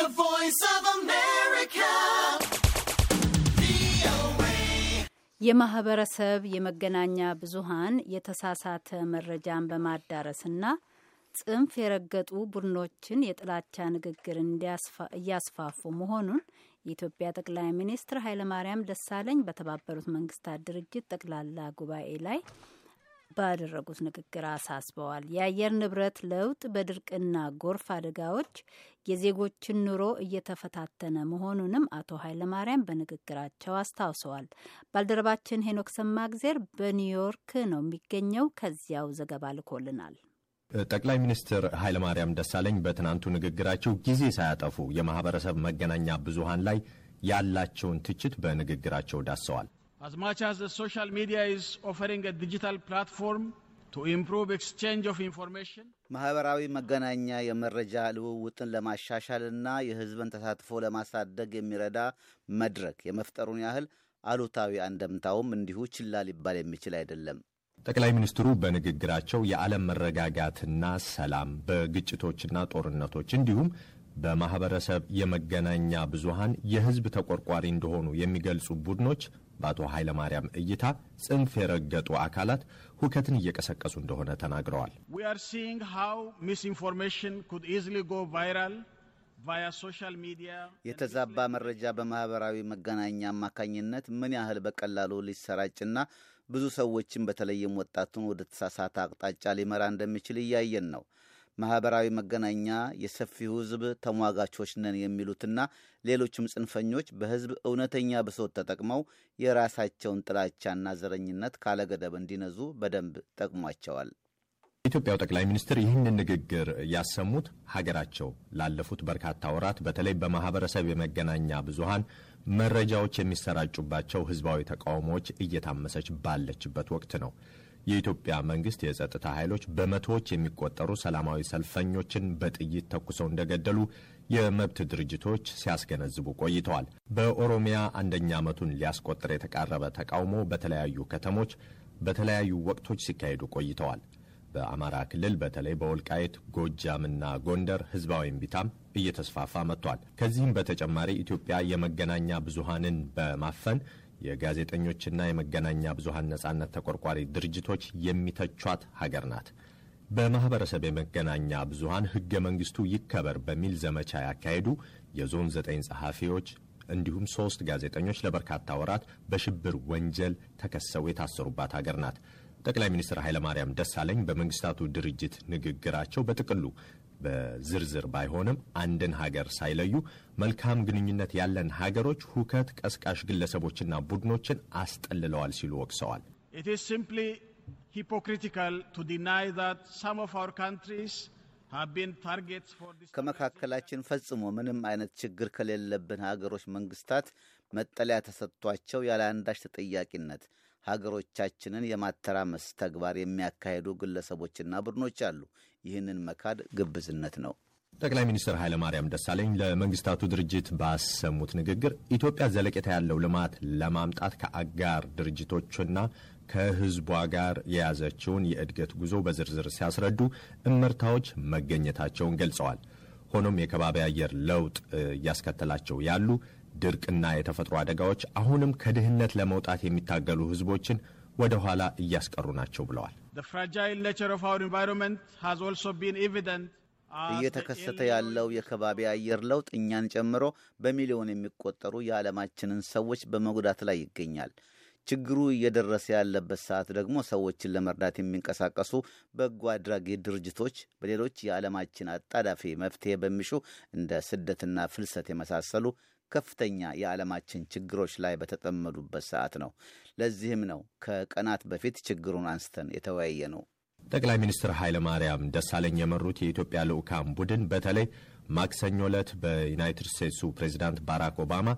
The Voice of America. የማህበረሰብ የመገናኛ ብዙሃን የተሳሳተ መረጃን በማዳረስና ጽንፍ የረገጡ ቡድኖችን የጥላቻ ንግግር እያስፋፉ መሆኑን የኢትዮጵያ ጠቅላይ ሚኒስትር ኃይለማርያም ደሳለኝ በተባበሩት መንግስታት ድርጅት ጠቅላላ ጉባኤ ላይ ባደረጉት ንግግር አሳስበዋል። የአየር ንብረት ለውጥ በድርቅና ጎርፍ አደጋዎች የዜጎችን ኑሮ እየተፈታተነ መሆኑንም አቶ ኃይለማርያም በንግግራቸው አስታውሰዋል። ባልደረባችን ሄኖክ ሰማግዜር በኒውዮርክ ነው የሚገኘው። ከዚያው ዘገባ ልኮልናል። ጠቅላይ ሚኒስትር ኃይለማርያም ደሳለኝ በትናንቱ ንግግራቸው ጊዜ ሳያጠፉ የማህበረሰብ መገናኛ ብዙሃን ላይ ያላቸውን ትችት በንግግራቸው ዳሰዋል። As much as the social media is offering a digital platform to improve exchange of information, ማህበራዊ መገናኛ የመረጃ ልውውጥን ለማሻሻልና የህዝብን ተሳትፎ ለማሳደግ የሚረዳ መድረክ የመፍጠሩን ያህል አሉታዊ አንደምታውም እንዲሁ ችላ ሊባል የሚችል አይደለም። ጠቅላይ ሚኒስትሩ በንግግራቸው የዓለም መረጋጋትና ሰላም በግጭቶችና ጦርነቶች እንዲሁም በማህበረሰብ የመገናኛ ብዙሃን የህዝብ ተቆርቋሪ እንደሆኑ የሚገልጹ ቡድኖች በአቶ ኃይለማርያም እይታ ጽንፍ የረገጡ አካላት ሁከትን እየቀሰቀሱ እንደሆነ ተናግረዋል። የተዛባ መረጃ በማኅበራዊ መገናኛ አማካኝነት ምን ያህል በቀላሉ ሊሰራጭና ብዙ ሰዎችን በተለይም ወጣቱን ወደ ተሳሳተ አቅጣጫ ሊመራ እንደሚችል እያየን ነው። ማህበራዊ መገናኛ የሰፊው ህዝብ ተሟጋቾች ነን የሚሉትና ሌሎችም ጽንፈኞች በህዝብ እውነተኛ ብሶት ተጠቅመው የራሳቸውን ጥላቻና ዘረኝነት ካለገደብ እንዲነዙ በደንብ ጠቅሟቸዋል። የኢትዮጵያው ጠቅላይ ሚኒስትር ይህንን ንግግር ያሰሙት ሀገራቸው ላለፉት በርካታ ወራት በተለይ በማህበረሰብ የመገናኛ ብዙሃን መረጃዎች የሚሰራጩባቸው ህዝባዊ ተቃውሞዎች እየታመሰች ባለችበት ወቅት ነው። የኢትዮጵያ መንግስት የጸጥታ ኃይሎች በመቶዎች የሚቆጠሩ ሰላማዊ ሰልፈኞችን በጥይት ተኩሰው እንደገደሉ የመብት ድርጅቶች ሲያስገነዝቡ ቆይተዋል። በኦሮሚያ አንደኛ ዓመቱን ሊያስቆጥር የተቃረበ ተቃውሞ በተለያዩ ከተሞች በተለያዩ ወቅቶች ሲካሄዱ ቆይተዋል። በአማራ ክልል በተለይ በወልቃየት ጎጃምና ጎንደር ህዝባዊ እምቢታም እየተስፋፋ መጥቷል። ከዚህም በተጨማሪ ኢትዮጵያ የመገናኛ ብዙሃንን በማፈን የጋዜጠኞችና የመገናኛ ብዙሃን ነጻነት ተቆርቋሪ ድርጅቶች የሚተቿት ሀገር ናት። በማኅበረሰብ የመገናኛ ብዙሃን ሕገ መንግሥቱ ይከበር በሚል ዘመቻ ያካሄዱ የዞን ዘጠኝ ጸሐፊዎች እንዲሁም ሦስት ጋዜጠኞች ለበርካታ ወራት በሽብር ወንጀል ተከሰው የታሰሩባት ሀገር ናት። ጠቅላይ ሚኒስትር ኃይለማርያም ደሳለኝ በመንግሥታቱ ድርጅት ንግግራቸው በጥቅሉ በዝርዝር ባይሆንም አንድን ሀገር ሳይለዩ መልካም ግንኙነት ያለን ሀገሮች ሁከት ቀስቃሽ ግለሰቦችና ቡድኖችን አስጠልለዋል ሲሉ ወቅሰዋል። ኢት is simply hypocritical to deny that some of our ከመካከላችን ፈጽሞ ምንም አይነት ችግር ከሌለብን ሀገሮች መንግስታት መጠለያ ተሰጥቷቸው ያለ አንዳች ተጠያቂነት ሀገሮቻችንን የማተራመስ ተግባር የሚያካሄዱ ግለሰቦችና ቡድኖች አሉ። ይህንን መካድ ግብዝነት ነው። ጠቅላይ ሚኒስትር ኃይለማርያም ደሳለኝ ለመንግስታቱ ድርጅት ባሰሙት ንግግር ኢትዮጵያ ዘለቄታ ያለው ልማት ለማምጣት ከአጋር ድርጅቶችና ከህዝቧ ጋር የያዘችውን የእድገት ጉዞ በዝርዝር ሲያስረዱ እመርታዎች መገኘታቸውን ገልጸዋል። ሆኖም የከባቢ አየር ለውጥ እያስከተላቸው ያሉ ድርቅና የተፈጥሮ አደጋዎች አሁንም ከድህነት ለመውጣት የሚታገሉ ህዝቦችን ወደ ኋላ እያስቀሩ ናቸው ብለዋል። እየተከሰተ ያለው የከባቢ አየር ለውጥ እኛን ጨምሮ በሚሊዮን የሚቆጠሩ የዓለማችንን ሰዎች በመጉዳት ላይ ይገኛል። ችግሩ እየደረሰ ያለበት ሰዓት ደግሞ ሰዎችን ለመርዳት የሚንቀሳቀሱ በጎ አድራጊ ድርጅቶች በሌሎች የዓለማችን አጣዳፊ መፍትሄ በሚሹ እንደ ስደትና ፍልሰት የመሳሰሉ ከፍተኛ የዓለማችን ችግሮች ላይ በተጠመዱበት ሰዓት ነው። ለዚህም ነው ከቀናት በፊት ችግሩን አንስተን የተወያየ ነው። ጠቅላይ ሚኒስትር ኃይለ ማርያም ደሳለኝ የመሩት የኢትዮጵያ ልዑካን ቡድን በተለይ ማክሰኞ ዕለት በዩናይትድ ስቴትሱ ፕሬዚዳንት ባራክ ኦባማ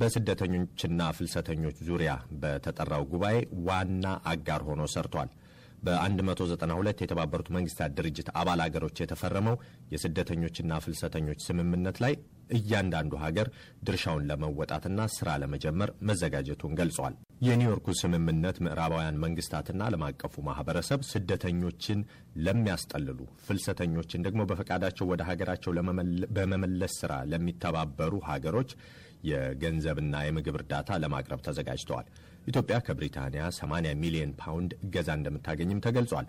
በስደተኞችና ፍልሰተኞች ዙሪያ በተጠራው ጉባኤ ዋና አጋር ሆኖ ሰርቷል። በ192 የተባበሩት መንግስታት ድርጅት አባል አገሮች የተፈረመው የስደተኞችና ፍልሰተኞች ስምምነት ላይ እያንዳንዱ ሀገር ድርሻውን ለመወጣትና ስራ ለመጀመር መዘጋጀቱን ገልጿል። የኒውዮርኩ ስምምነት ምዕራባውያን መንግስታትና ዓለም አቀፉ ማህበረሰብ ስደተኞችን ለሚያስጠልሉ ፍልሰተኞችን ደግሞ በፈቃዳቸው ወደ ሀገራቸው በመመለስ ስራ ለሚተባበሩ ሀገሮች የገንዘብና የምግብ እርዳታ ለማቅረብ ተዘጋጅተዋል። ኢትዮጵያ ከብሪታንያ 80 ሚሊዮን ፓውንድ እገዛ እንደምታገኝም ተገልጿል።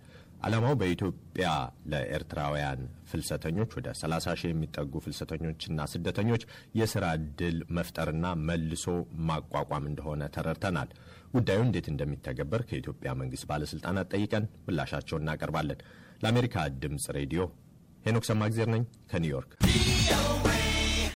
ዓላማው በኢትዮጵያ ለኤርትራውያን ፍልሰተኞች ወደ 30 ሺህ የሚጠጉ ፍልሰተኞችና ስደተኞች የስራ ድል መፍጠርና መልሶ ማቋቋም እንደሆነ ተረድተናል። ጉዳዩ እንዴት እንደሚተገበር ከኢትዮጵያ መንግስት ባለስልጣናት ጠይቀን ምላሻቸውን እናቀርባለን። ለአሜሪካ ድምፅ ሬዲዮ ሄኖክ ሰማግዜር ነኝ ከኒውዮርክ።